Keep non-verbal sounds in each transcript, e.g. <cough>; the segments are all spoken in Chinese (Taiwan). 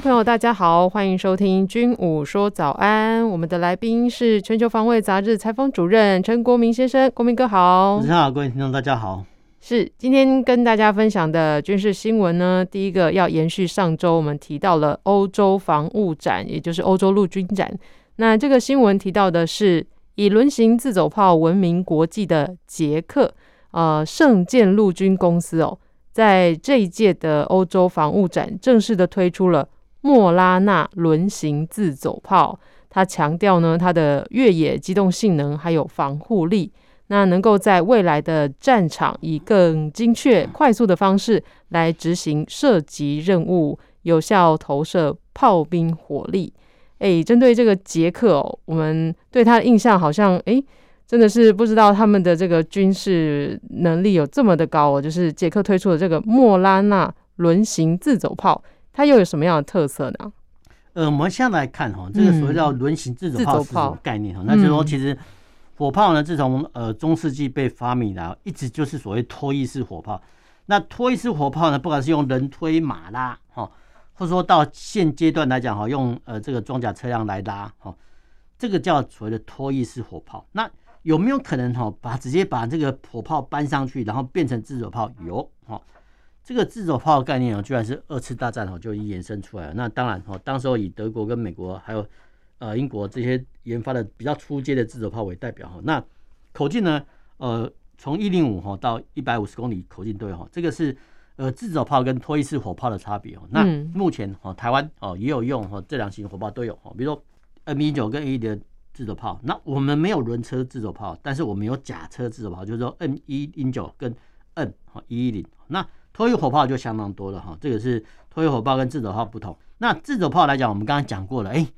朋友，大家好，歡迎收聽《軍武說早安》。我們的來賓是《全球防衛雜誌》採訪主任陳國銘先生，國銘哥好！早上好，各位聽眾，大家好。是今天跟大家分享的軍事新聞呢，第一個要延續上周我們提到了歐洲防務展，也就是歐洲陸軍展。那這個新聞提到的是以輪型自走炮聞名國際的捷克呃聖劍陸軍公司哦，在這一屆的歐洲防務展正式的推出了。莫拉納輪型自走炮，它強調呢，它的越野機動性能還有防護力，那能夠在未來的戰場以更精確、快速的方式來執行射擊任務，有效投射炮兵火力。哎，針對這個捷克哦，我們對他的印象好像哎，真的是不知道他們的這個軍事能力有這麼的高哦，就是捷克推出的這個莫拉納輪型自走炮。它又有什麼樣的特色呢？呃，我們現在來看哈，這個所謂叫輪型自走炮，嗯、是什麼概念哈？那就是說，其實火炮呢，自從呃中世紀被發明然後，一直就是所謂拖曳式火炮。那拖曳式火炮呢，不管是用人推馬拉哈，或者說到現階段來講哈，用呃這個裝甲車輛來拉哈，這個叫所謂的拖曳式火炮。那有沒有可能哈，把直接把這個火炮搬上去，然後變成自走炮？有哈。這個自走炮的概念哦，居然是二次大戰哦就延伸出來了。那當然哦，當時候以德國跟美國還有呃英國這些研發的比較初階的自走炮為代表哈。那口徑呢，呃，從一零五哈到一百五十公里口徑都有，這個是呃自走炮跟拖曳式火炮的差別。那目前哦，台灣哦也有用哈這兩型火炮都有哈，比如說 M19 跟 A10 的自走炮那我們沒有輪車自走炮，但是我們有假車自走炮，就是說 M109 跟 M110 那。拖曳火炮就相當多了哈，這個是拖曳火炮跟自走炮不同。那自走炮來講，我們剛剛講過了，哎、欸，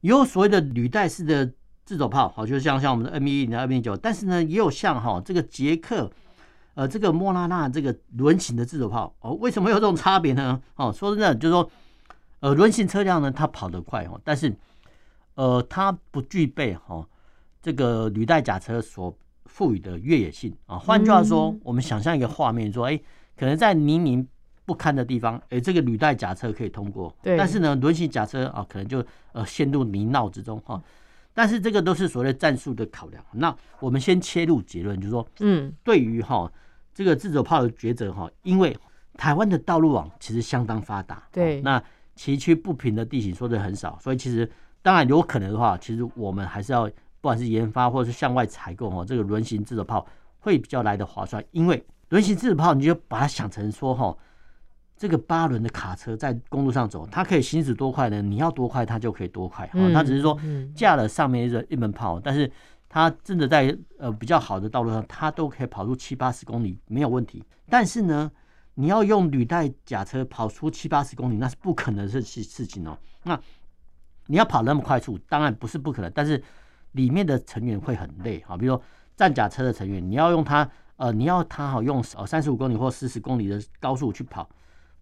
有所謂的履帶式的自走炮，好，就是像像我們的 M 一零二 B 九，但是呢，也有像哈這個捷克，呃，這個莫拉納這個輪型的自走炮。哦，為什麼有這種差別呢？哦，說真的，就是說，呃，輪型車輛呢，它跑得快哦，但是，呃，它不具備哈、哦、這個履帶甲車所賦予的越野性啊。換、哦、句話說，嗯、我們想象一個畫面說，哎、欸。可能在泥濘不堪的地方，哎，這個履帶甲車可以通過，對但是呢，輪型甲車啊，可能就、呃、陷入泥淖之中哈、啊。但是這個都是所謂戰術的考量。那我們先切入結論，就是說，嗯，對於哈、啊、這個自走炮的抉擇哈、啊，因為台灣的道路網、啊、其實相當發達，對、啊，那崎嶇不平的地形說得很少，所以其實當然有可能的話，其實我們還是要不管是研發或者是向外採購哈、啊，這個輪型自走炮會比較來得划算，因為。輪型自走炮，你就把它想成說齁，這個八輪的卡車在公路上走，它可以行駛多快呢？你要多快，它就可以多快。它只是說架了上面一一門炮，但是它真的在、呃、比較好的道路上，它都可以跑出七八十公里沒有問題。但是呢，你要用履帶甲車跑出七八十公里，那是不可能的事情哦、喔。那你要跑那麼快速，當然不是不可能，但是裡面的成員會很累啊。比如說，戰甲車的成員，你要用它。呃，你要他好用，三十五公里或四十公里的高速去跑，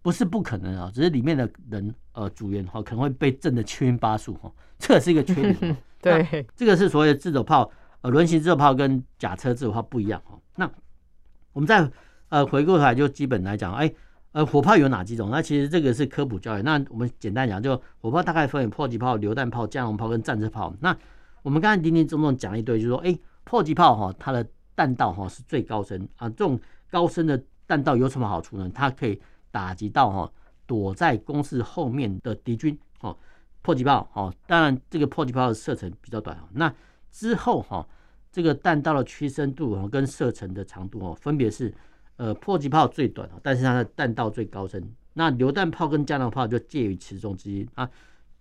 不是不可能啊，只是裡面的人呃，組員的話可能會被震得七葷八素哦，這也是一個缺點。 <laughs> 對，這個是所謂的自走炮，呃，輪型自走炮跟甲車自走炮不一樣。那我們再呃回過頭來就基本來講，哎、欸，呃，火炮有哪幾種？那其實這個是科普教育，那我們簡單講，就火炮大概分為迫擊炮、榴彈炮、加農炮跟戰車炮。那我們剛才叮叮總總講一堆就是，就說哎，迫擊炮哈，它的彈道哈是最高深啊，這種高深的彈道有什麼好處呢？它可以打擊到哈、啊、躲在工事後面的敵軍哦、啊，迫擊炮哦、啊，當然這個迫擊炮的射程比較短。那之後哈、啊，這個彈道的屈伸度、啊、跟射程的長度哦、啊，分別是呃迫擊炮最短、啊、但是它的彈道最高深。那榴彈炮跟加農炮就介於其中之一啊，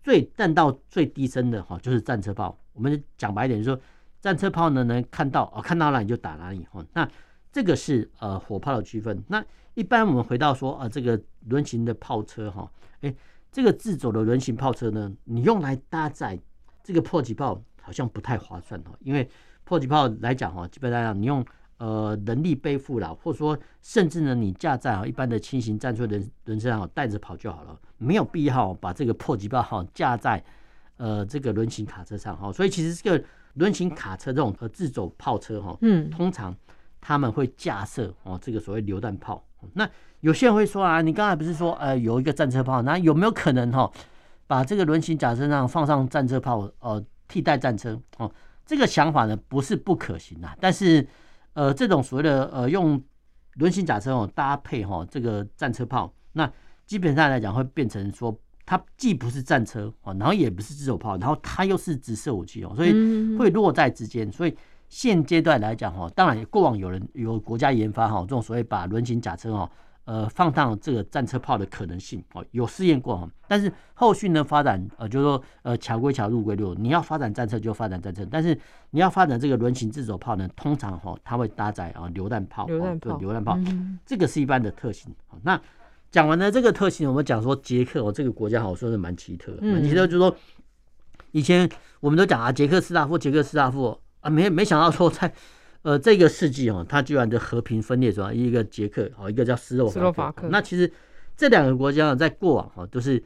最彈道最低深的哈、啊、就是戰車炮。我們講白一點就是說。戰車炮呢？能看到哦，看到哪裡就打哪裡。哈、哦，那這個是呃火炮的區分。那一般我們回到說啊、呃，這個輪型的炮車哈，哎、哦欸，這個自走的輪型炮車呢，你用來搭載這個迫擊炮好像不太划算哦。因為迫擊炮來講哈，基本上你用呃人力背負了，或者說甚至呢你架在一般的輕型戰車輪輪車上帶着跑就好了，沒有必要把這個迫擊炮哈、哦、架在呃這個輪型卡車上哈、哦。所以其實這個。輪型卡車這種和自走炮車哈、哦，嗯、通常他們會架設哦這個所謂榴彈炮。那有些人會說啊，你剛才不是說呃有一個戰車炮，那有沒有可能哈、哦、把這個輪型甲車上放上戰車炮，呃，替代戰車？哦，這個想法呢不是不可行啊，但是呃這種所謂的呃用輪型甲車哦搭配哈、哦、這個戰車炮，那基本上來講會變成說。它既不是戰車哦，然後也不是自走炮，然後它又是直射武器哦，所以會落在之間。所以現階段來講哈，當然過往有人有國家研發哈，這種所謂把輪型甲車哦，呃，放上這個戰車炮的可能性哦，有試驗過啊。但是後續呢發展，呃，就是說，呃，橋歸橋，路歸路。你要發展戰車就發展戰車，但是你要發展這個輪型自走炮呢，通常哈，哦，它會搭載啊榴彈炮，榴彈炮，哦，對，榴彈炮，這個是一般的特性。好，那。講完了這個特性，我們講說捷克哦、喔，這個國家哈說是蠻奇特，蠻奇特，就是說以前我們都講啊，捷克斯拉夫，捷克斯拉夫啊，沒沒想到說在呃這個世紀哦，它居然就和平分裂，出來一個捷克、喔，好一個叫斯洛伐克、喔。那其實這兩個國家在過往哈、喔、都是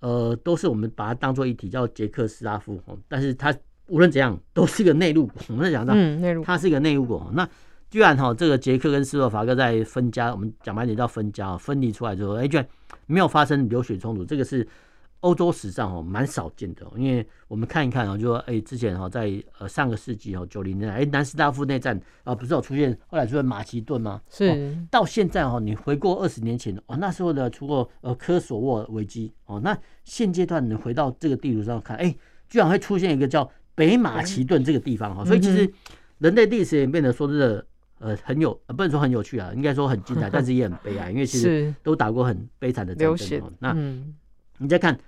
呃都是我們把它當做一體叫捷克斯拉夫哦、喔，但是它無論怎樣都是個內陸國，我們在講到它是一個內陸國、喔、那。居然哈，這個捷克跟斯洛伐克在分家，我們講白點叫分家分離出來之後，哎、欸，居然沒有發生流血衝突，這個是歐洲史上蠻少見的。因為我們看一看啊，就說哎，之前哈在呃上個世紀哦九零年代，哎、欸、南斯拉夫內戰啊，不是有出現後來就是馬其頓嗎？是、哦。到現在哈，你回過二十年前哦，那時候的出過呃科索沃危機哦，那現階段你回到這個地圖上看，哎、欸，居然會出現一個叫北馬其頓這個地方哈，嗯、所以其實人類歷史也變得說這個。呃，很有不能說很有趣啊，應該說很精彩，但是也很悲哀，呵呵，因為其實都打過很悲慘的戰爭。行那你再看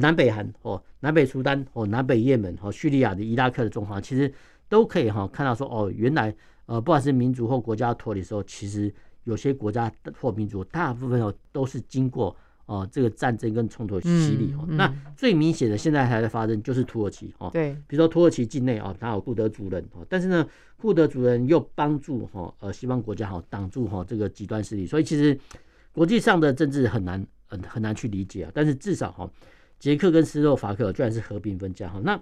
南北韓、哦、南北蘇丹、哦、南北也門、哦、敘利亞的伊拉克的狀況，其實都可以、哦、看到說，哦，原來呃，不管是民族或國家脫離的時候，其實有些國家或民族大部分哦都是經過。哦，這個戰爭跟衝突的洗禮，那最明顯的現在還在發生，就是土耳其哦。對比如說土耳其境內哦，它有庫德主人、哦、但是呢，庫德族人又幫助哦，呃西方國家、哈、哦、擋住、哦、這個極端勢力，所以其實國際上的政治很難、呃、很難去理解啊。但是至少哈、哦，捷克跟斯洛伐克居然是和平分家哈、哦。那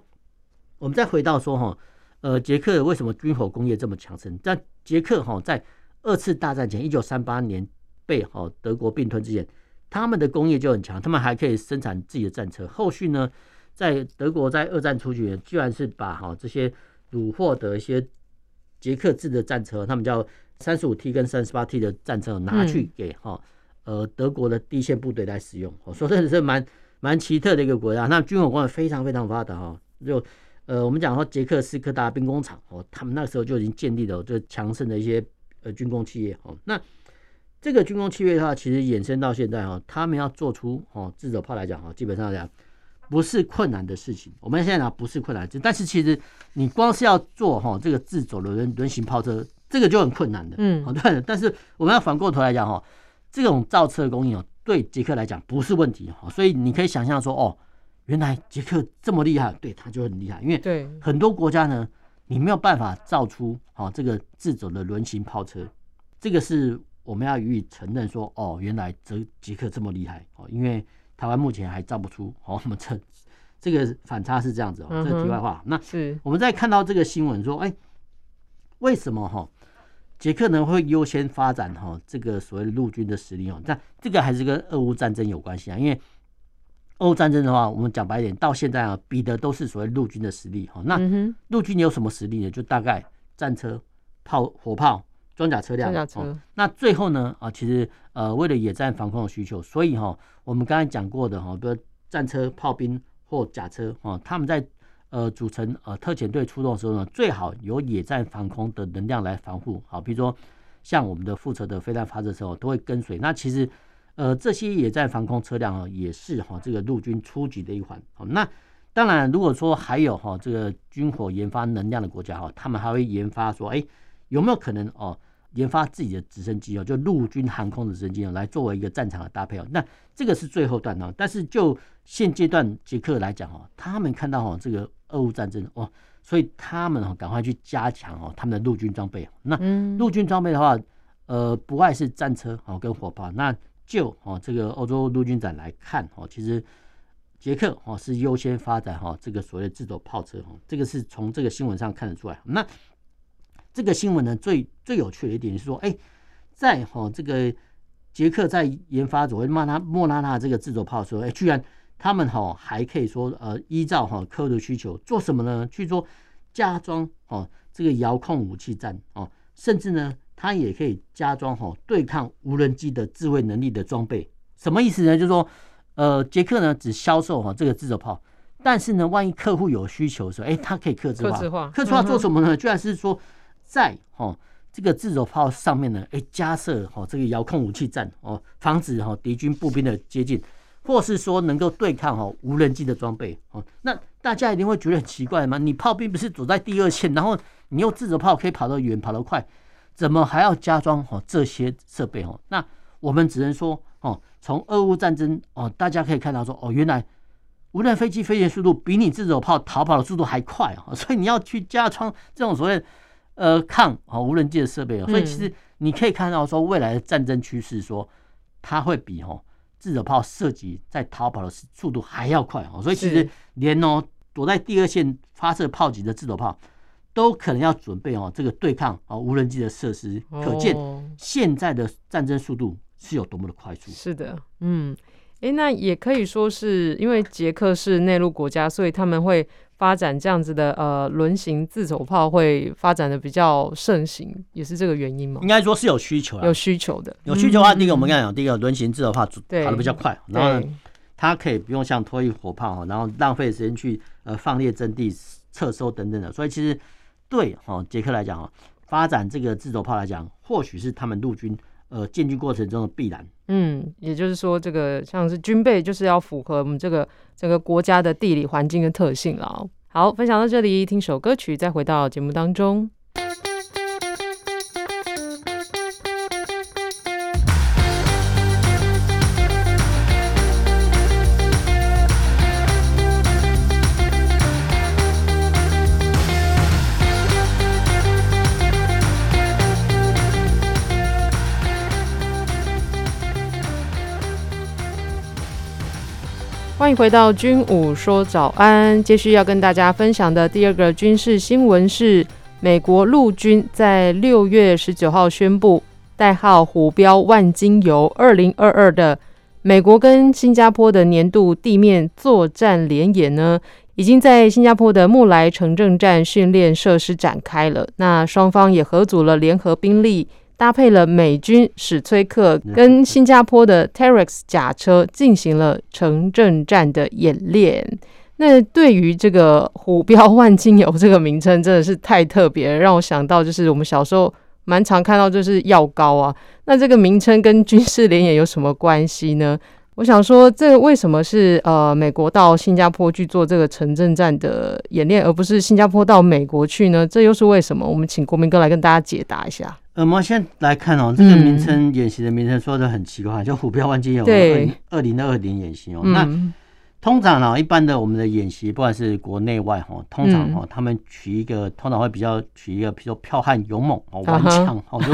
我們再回到說哈、哦，呃，捷克為什麼軍火工業這麼強盛？在捷克哈、哦、在二次大戰前一九三八年被、哦、德國併吞之前。他們的工業就很強，他們還可以生產自己的戰車。後續呢，在德國在二戰初期，居然是把哈這些虜獲的一些捷克制的戰車，他們叫三十五 T 跟三十八 T 的戰車，拿去給哈呃德國的第一線部隊來使用。哦，說真的是蠻蠻奇特的一個國家。那軍火工業非常非常發達哦，就呃我們講說捷克斯柯達兵工廠，哦，他們那時候就已經建立了就強盛的一些呃軍工企業哦。那這個軍工契約的話，其實延伸到現在哦，他們要做出哦，自走炮來講哦，基本上講不是困難的事情。我們現在講不是困難，但是其實你光是要做哈、哦、這個自走的輪輪型炮車，這個就很困難的。嗯，好、哦，對。但是我們要反過頭來講哈、哦，這種造車的工藝哦，對捷克來講不是問題哈、哦。所以你可以想象說哦，原來捷克這麼厲害，對他就很厲害，因為很多國家呢，你沒有辦法造出好、哦、這個自走的輪型炮車，這個是。我們要予以承認說，說哦，原來這捷克這麼厲害哦，因為台灣目前還造不出哦，我們這這個反差是這樣子哦。這個、題外話，嗯、哼那我們再看到這個新聞，說、欸、哎，為什麼哈捷、哦、克呢會優先發展哈、哦、這個所謂陸軍的實力哦？那這個還是跟俄烏戰爭有關係啊，因為俄烏戰爭的話，我們講白一點，到現在啊，比的都是所謂陸軍的實力哈、哦。那陸軍有什麼實力呢？就大概戰車、炮、火炮。裝甲車輛、哦，那最後呢？啊，其實呃，為了野戰防空的需求，所以哈、哦，我們剛才講過的哈，比如戰車、炮兵或甲車啊、哦，他們在呃組成呃特遣隊出動的時候呢，最好有野戰防空的能量來防護。好，比如說像我們的負責的飛彈發射車、哦、都會跟隨。那其實呃，這些野戰防空車輛啊，也是哈、哦、這個陸軍出擊的一環、哦。那當然，如果說還有哈、哦、這個軍火研發能量的國家哈、哦，他們還會研發說，哎、欸。有沒有可能哦，研發自己的直升機哦，就陸軍航空直升機哦，來作為一個戰場的搭配哦？那這個是最後段了。但是就現階段捷克來講哦，他們看到哦這個俄烏戰爭哦，所以他們哦趕快去加強哦他們的陸軍裝備。那陸軍裝備的話，嗯、呃，不外是戰車哦跟火炮。那就哦這個歐洲陸軍展來看哦，其實捷克哦是優先發展哈、哦、這個所謂的自走炮車哦，這個是從這個新聞上看得出來。那這個新聞呢，最最有趣的一點是說，哎，在哈、哦、這個捷克在研發所謂莫拉莫拉娜這個自走炮的時候，哎，居然他們哈還可以說呃依照哈客戶的需求，做什麼呢？去做加裝哦這個遙控武器站哦，甚至呢，它也可以加裝哈、哦、對抗無人機的自衛能力的裝備。什麼意思呢？就是說，呃，捷克呢只銷售哈這個自走炮，但是呢，萬一客戶有需求的時候，哎，它可以客製化，客製化做什麼呢？嗯、哼 居然是說。在哦，這個自走炮上面呢，哎加設哦這個遙控武器站哦，防止哦敵軍步兵的接近，或是說能夠對抗哦無人機的裝備哦。那大家一定會覺得很奇怪嘛，你炮兵不是走在第二線，然後你用自走炮可以跑得遠、跑得快，怎麼還要加裝哦這些設備哦？那我們只能說哦，從俄烏戰爭哦，大家可以看到說哦，原來無人的飛機飛行速度比你自走炮逃跑的速度還快哦，所以你要去加裝這種所謂。呃，抗啊、哦、無人機的設備哦，所以其實你可以看到說未來的戰爭趨勢，說它會比哦自走炮射擊在逃跑的速度還要快哦，所以其實連哦躲在第二線發射炮擊的自走炮都可能要準備哦這個對抗哦無人機的設施，可見現在的戰爭速度是有多麼的快速。是的，嗯，哎、欸，那也可以說是因為捷克是內陸國家，所以他們會。發展這樣子的呃輪型自走炮會發展的比較盛行，也是這個原因嗎？應該說是有需求，有需求的，嗯嗯嗯，有需求的話，第一個我們剛剛講，第一個輪型自走炮跑的對比較快，然後對它可以不用像拖曳火炮，然後浪費時間去呃放列陣地、撤收等等的，所以其實對哈捷克來講啊，發展這個自走炮來講，或許是他們陸軍。呃，建軍過程中的必然。嗯，也就是說，這個像是軍備，就是要符合我們這個這個國家的地理環境跟特性了哦。好，分享到這裡，聽首歌曲，再回到節目當中。回到軍武說早安，接續要跟大家分享的第二個軍事新聞是，美國陸軍在六月十九號宣布，代號“虎標萬金油”二零二二的美國跟新加坡的年度地面作戰聯演呢，已經在新加坡的木萊城鎮戰訓練設施展開了。那雙方也合組了聯合兵力。搭配了美軍史崔克跟新加坡的 Terrex 甲車進行了城鎮戰的演練。那對於這個“虎標萬金油”這個名稱，真的是太特別了，讓我想到就是我們小時候蠻常看到就是藥膏啊。那這個名稱跟軍事聯演有什麼關係呢？我想說，這個為什麼是呃美國到新加坡去做這個城鎮戰的演練，而不是新加坡到美國去呢？這又是為什麼？我們請國銘哥來跟大家解答一下。呃、我們先來看哦、喔，這個名稱演習的名稱說得很奇怪，就虎標萬金油二零二零的二零演習哦。那通常哦、喔，一般的我們的演習，不管是國內外哈、喔，通常哈、喔，他們取一個，通常會比較取一個，比如說彪悍勇猛哦、喔喔 uh，頑強哦，就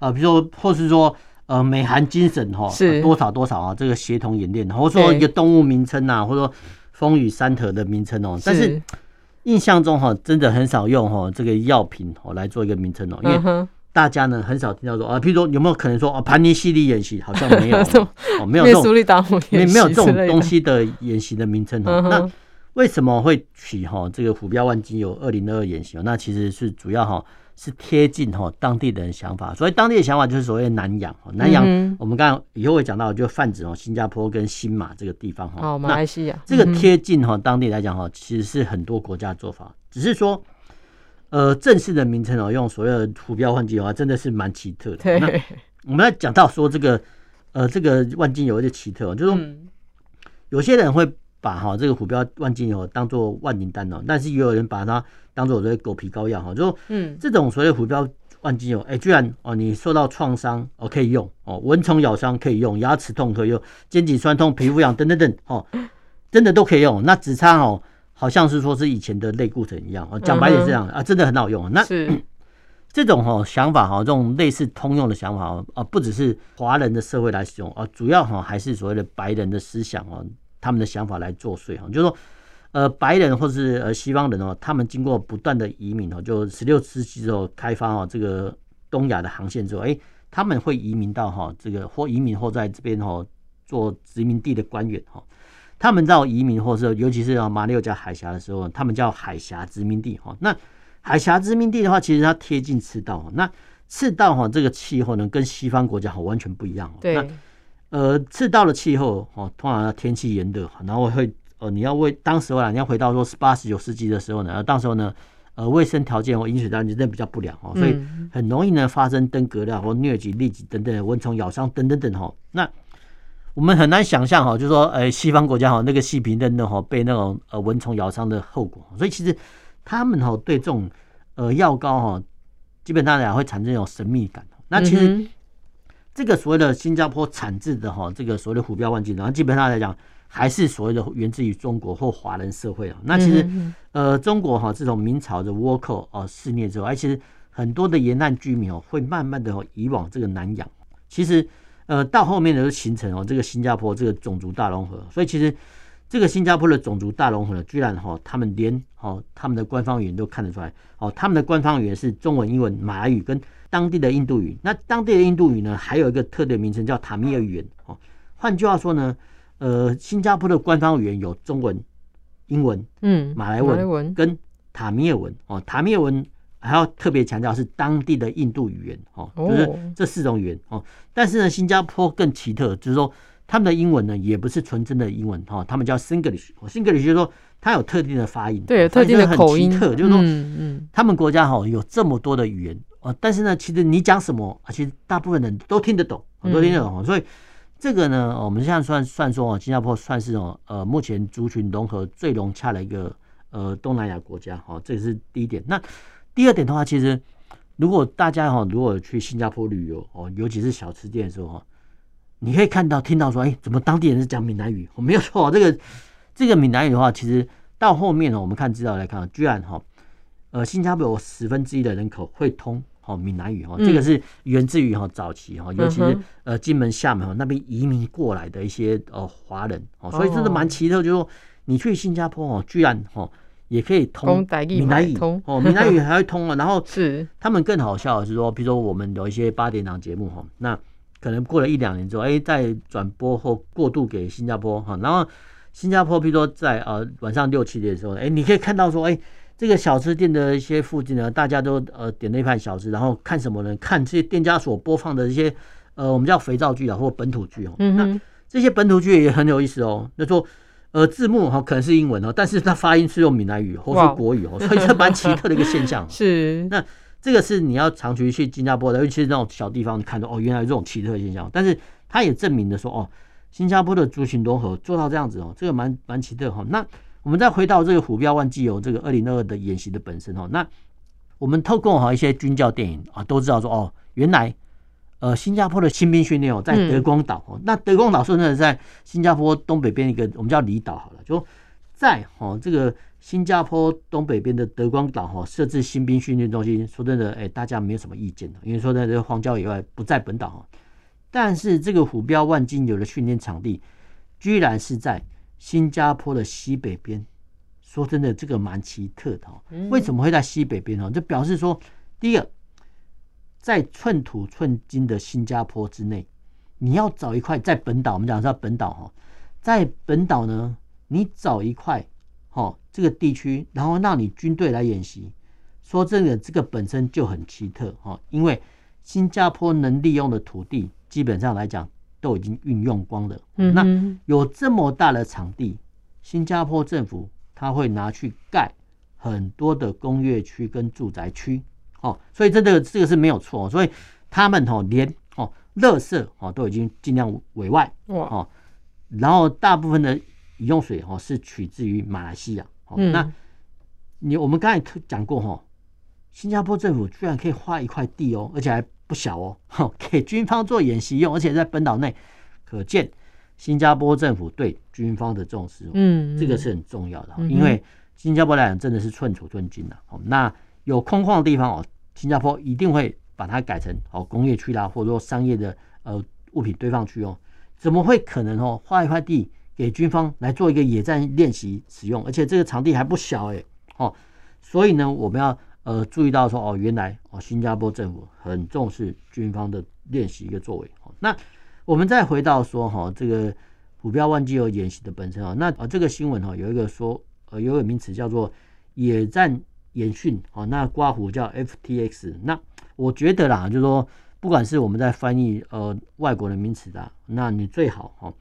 啊，比如說或是說呃，美韓精神哈、喔，多少多少啊，這個協同演練，或者說一個動物名稱吶，或者說風雨山河的名稱哦、喔 uh。Huh、但是印象中哈、喔，真的很少用哈、喔、這個藥品哦、喔、來做一個名稱哦，因為。大家呢很少聽到說啊，譬如說有沒有可能說啊，盤尼西利演習好像沒有， <laughs> 啊、沒有這種蘇里達爾演習之類的沒，沒有這種東西的演習的名稱。嗯、哼那為什麼會取哈、哦、這個虎標萬金油二零二二演習、哦？那其實是主要哈、哦、是貼近哈、哦、當地人的人想法。所以當地的想法就是所謂南洋哈、哦，南洋、嗯、我們剛剛以後會講到，就泛指哦新加坡跟新馬這個地方哈。哦，馬來西亞。這個貼近哈、哦、當地來講哈、哦，其實是很多國家做法，嗯、哼只是說。呃，正式的名稱哦，用所謂的虎標萬金油啊，真的是蠻奇特的。那，我們要講到說這個，呃，這個萬金油有點奇特，喔，就是說有些人會把哈、喔、這個虎標萬金油當做萬靈丹哦、喔，但是也有人把它當做我的狗皮膏藥哈。就說這種所謂虎標萬金油，哎，居然哦、喔，你受到創傷哦可以用哦、喔，蚊蟲咬傷可以用，牙齒痛可以用，肩頸痠痛、皮膚癢等等等哦、喔，真的都可以用，那只差哦、喔。好像是說是以前的類固醇一樣、啊，講白點是這樣啊，真的很好用、啊、那、嗯、是這種想法哈、啊，這種類似通用的想法啊，不只是華人的社會來使用啊，主要哈還是所謂的白人的思想哦、啊，他們的想法來作祟哈，就是說呃白人或是呃西方人哦、啊，他們經過不斷的移民哦、啊，就十六世紀之後開發哦、啊，這個東亞的航線之後，哎，他們會移民到哈、啊、這個或移民或在這邊哈、啊、做殖民地的官員哈、啊。他們到移民，或者是尤其是啊馬六甲海峽的時候，他們叫海峽殖民地哈。那海峽殖民地的話，其實它貼近赤道，那赤道哈這個氣候呢，跟西方國家好完全不一樣。對，呃，赤道的氣候哈，通常天氣炎熱，然後會呃，你要為當時候啊，你要回到說十八十九世紀的時候呢，到時候呢，呃，衛生條件或飲水條件真的比較不良哦，所以很容易呢發生登革熱或瘧疾、痢疾等等，蚊蟲咬傷等等等哈。那我們很難想象哈，就是說呃，西方國傢哈，那個細皮嫩肉哈，被那種呃蚊蟲咬傷的後果。所以其實他們哈對這種呃藥膏哈，基本上來講會產生一種神秘感。那其實這個所謂的新加坡產制的哈，這個所謂的虎標萬金油，基本上來講還是所謂的源自於中國或華人社會啊。那其實呃，中國哈這種明朝的倭寇啊肆虐之後，而且很多的沿岸居民哦會慢慢的移往這個南洋。其實。呃，到後面呢就形成哦，這個新加坡這個種族大融合，所以其實這個新加坡的種族大融合呢，居然哈、哦，他們連哦他們的官方語言都看得出來，哦，他們的官方語言是中文、英文、馬來語跟當地的印度語，那當地的印度語呢，還有一個特定名稱叫塔米爾語言哦。換句話說呢，呃，新加坡的官方語言有中文、英文、嗯，馬來文、馬來文跟塔米爾文，文哦，塔米爾文。還要特別強調是當地的印度語言，哦，就是這四種語言，哦，但是呢，新加坡更奇特，就是說他們的英文呢也不是純真的英文，哈，他們叫 Singlish，Singlish 就是說它有特定的發音，對，它真的很奇特，就是說，嗯嗯，他們國家哈有這麼多的語言，啊，但是呢，其實你講什麼，其實大部分人都聽得懂，都聽得懂，所以這個呢，我們現在算算說哦，新加坡算是哦，呃，目前族群融合最融洽的一個呃東南亞國家，哈，這是第一點，那。第二點的話，其實如果大家哈，如果去新加坡旅遊哦，尤其是小吃店的時候哈，你可以看到聽到說，哎、欸，怎麼當地人是講閩南語？我沒有錯，這個這個閩南語的話，其實到後面呢，我們看資料來看，居然哈，呃，新加坡有十分之一的人口會通哦閩南語哈，嗯、這個是源自於哈早期哈，尤其是呃，金門，廈門、廈門哦那邊移民過來的一些呃華人哦，所以真的蠻奇特，就是、說你去新加坡哦，居然哈。也可以通閩南語，通哦，閩南語還會通啊。 <laughs> 然後他們更好笑的是說，比如說我們有一些八點檔節目哈，那可能過了一兩年之後，哎、欸，再轉播後過渡給新加坡哈、啊，然後新加坡，比如說在呃晚上六七點的時候，哎、欸，你可以看到說，哎、欸，這個小吃店的一些附近呢，大家都呃點了一盤小吃，然後看什麼呢？看這些店家所播放的一些呃我們叫肥皂劇啊，或本土劇哦。那這些本土劇也很有意思哦，那、就是、說。呃，字幕哈可能是英文哦，但是它發音是用閩南語或是國語哦，Wow. 所以這蠻奇特的一個現象。 <laughs> 是，那這個是你要長期去新加坡的，尤其是那種小地方看，看到哦，原來這種奇特的現象。但是它也證明的說哦，新加坡的族群融合做到這樣子哦，這個蠻蠻奇特哈、哦。那我們再回到這個虎標萬金油哦，這個二零二二的演習的本身哦，那我們透過好一些軍教電影啊，都知道說哦，原來。呃，新加坡的新兵訓練哦，在德光島哦，嗯、那德光島說真的，在新加坡東北邊一個我們叫離島好了，就在哦這個新加坡東北邊的德光島哦，設置新兵訓練中心，說真的，哎，大家沒有什麼意見，因為說在這荒郊野外不在本島，哦、但是這個虎標萬金油的訓練場地，居然是在新加坡的西北邊，說真的，這個蠻奇特的、哦。為什麼會在西北邊呢，哦？就表示說，第一個。在寸土寸金的新加坡之內，你要找一塊在本島，我們講是要本島哈、哦，在本島呢，你找一塊哈、哦、這個地區，然後讓你軍隊來演習。說這個這個本身就很奇特哈、哦，因為新加坡能利用的土地，基本上來講都已經運用光了。嗯哼，那有這麼大的場地，新加坡政府他會拿去蓋很多的工業區跟住宅區。哦，所以這個這個是沒有錯，所以他們哦連哦垃圾哦都已經盡量委外哦，然後大部分的飲用水哦是取自於馬來西亞哦。那你我們剛才講過新加坡政府居然可以劃一塊地哦，而且還不小哦，給軍方做演習用，而且在本島內，可見新加坡政府對軍方的重視，嗯，這個是很重要的，因為新加坡來講真的是寸土寸金的哦。那有空曠的地方哦，新加坡一定會把它改成哦工業區啦，或者說商業的呃物品堆放區哦，怎麼會可能哦？劃一塊地給軍方來做一個野戰練習使用，而且這個場地還不小哎、欸、哦，所以呢，我們要呃注意到說哦，原來哦新加坡政府很重視軍方的練習一個作為哦。那我們再回到說哈，這個虎標萬金油演習的本身哦。那啊這個新聞哈有一個說呃有一個名詞叫做野戰。演訓哦，那括弧叫 F T X。那我覺得啦，就是說不管是我們在翻譯呃外國的名詞啦，那你最好哈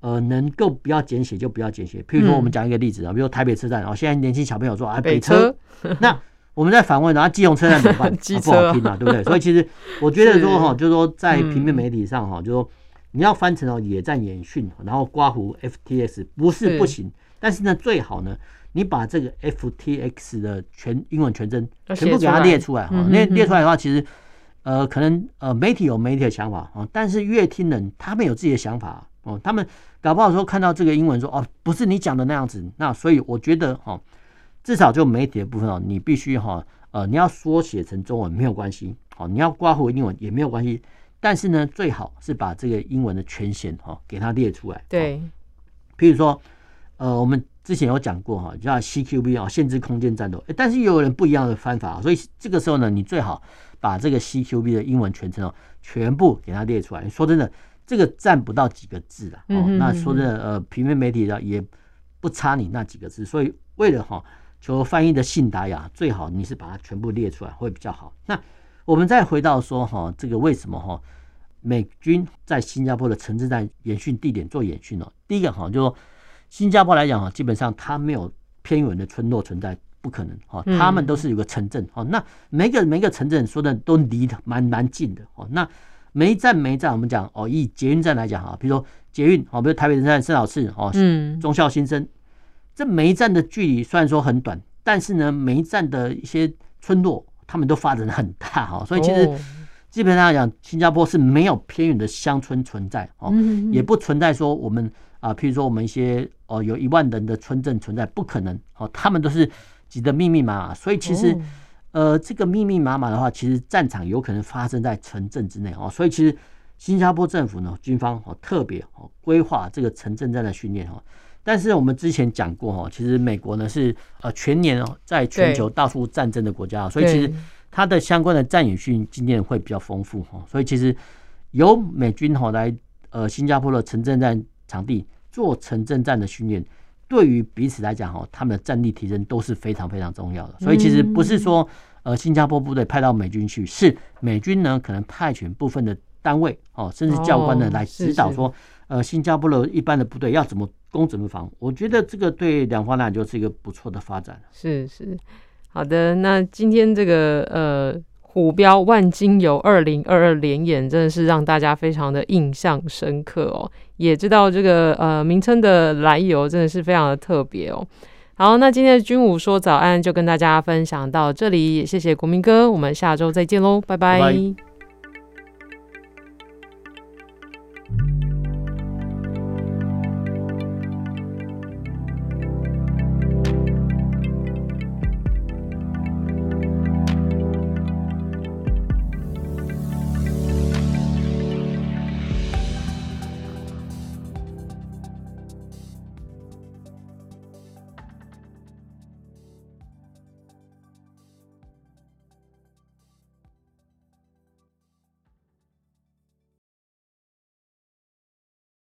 呃能夠不要簡寫就不要簡寫。譬如說我們講一個例子啊，嗯、比如說台北車站哦，現在年輕小朋友說啊北車，啊、北車，那我們再反問然後基隆車站怎麼辦？基車啊，不好聽啦，機車對不對？所以其實我覺得說哈，是就是說在平面媒體上哈，嗯、就是說你要翻成哦野戰演訓，然後括弧 F T X 不是不行，是但是呢最好呢。你把這個 FTX 的全英文全銜全部給它列出來哈，列列出來的話，其實呃可能呃媒體有媒體的想法哈，但是閱聽人他們有自己的想法哦，他們搞不好說看到這個英文說哦，不是你講的那樣子，那所以我覺得哈，至少就媒體的部分啊，你必須哈呃你要縮寫成中文沒有關係，哦。你要括弧英文也沒有關係，但是呢最好是把這個英文的全銜哈給它列出來，對，譬如說呃我們。之前有講過哈、啊，叫 CQB 啊，限制空間戰鬥、欸。但是又有人不一樣的方法、啊，所以這個時候呢，你最好把這個 CQB 的英文全稱哦、喔，全部給它列出來。說真的，這個占不到幾個字啊。哦、喔，那說真的呃，平面媒體的也不差你那幾個字，所以為了哈、喔、求翻譯的信達雅，最好你是把它全部列出來會比較好。那我們再回到說哈、喔，這個為什麼哈、喔、美軍在新加坡的城市戰演訓地點做演訓呢、喔？第一個哈、喔、就。新加坡來講啊，基本上它沒有偏遠的村落存在，不可能哈、哦。他們都是有個城鎮、哦、那每個每個城鎮說的都離得蠻蠻近的、哦、那每一站每一站我們講哦，以捷運站來講哈，比如說捷運，好比如台北車站、善導寺、忠孝新生，這每一站的距離雖然說很短，但是呢，每一站的一些村落他們都發展的很大哈、哦。所以其實基本上來講，新加坡是沒有偏遠的鄉村存在哦，也不存在說我們。啊，譬如說我們一些哦、呃，有一萬人的村鎮存在不可能哦，他們都是擠得密密麻麻，所以其實、哦、呃，這個密密麻麻的話，其實戰場有可能發生在城鎮之內哦，所以其實新加坡政府呢，軍方哦特別哦規劃這個城鎮戰的訓練哦，但是我們之前講過哦，其實美國呢是呃全年在全球到處戰爭的國家，對 所以其實它的相關的戰役訓練經驗會比較豐富哈、哦，所以其實由美軍哈來、哦、呃新加坡的城鎮戰。場地做城鎮戰的訓練，對於彼此來講，哦，他們的戰力提升都是非常非常重要的。所以其實不是說呃新加坡部隊派到美軍去，是美軍呢可能派遣部分的單位哦，甚至教官呢來指導說，哦、是是呃新加坡的一般的部隊要怎麼攻怎麼防。我覺得這個對兩方來講是一個不錯的發展。是是，好的。那今天這個呃虎標萬金油二零二二聯演，真的是讓大家非常的印象深刻哦。也知道這個呃名稱的來由，真的是非常的特別哦。好，那今天的軍武說早安就跟大家分享到這裡，也謝謝國銘哥，我們下周再見嘍，拜拜。拜拜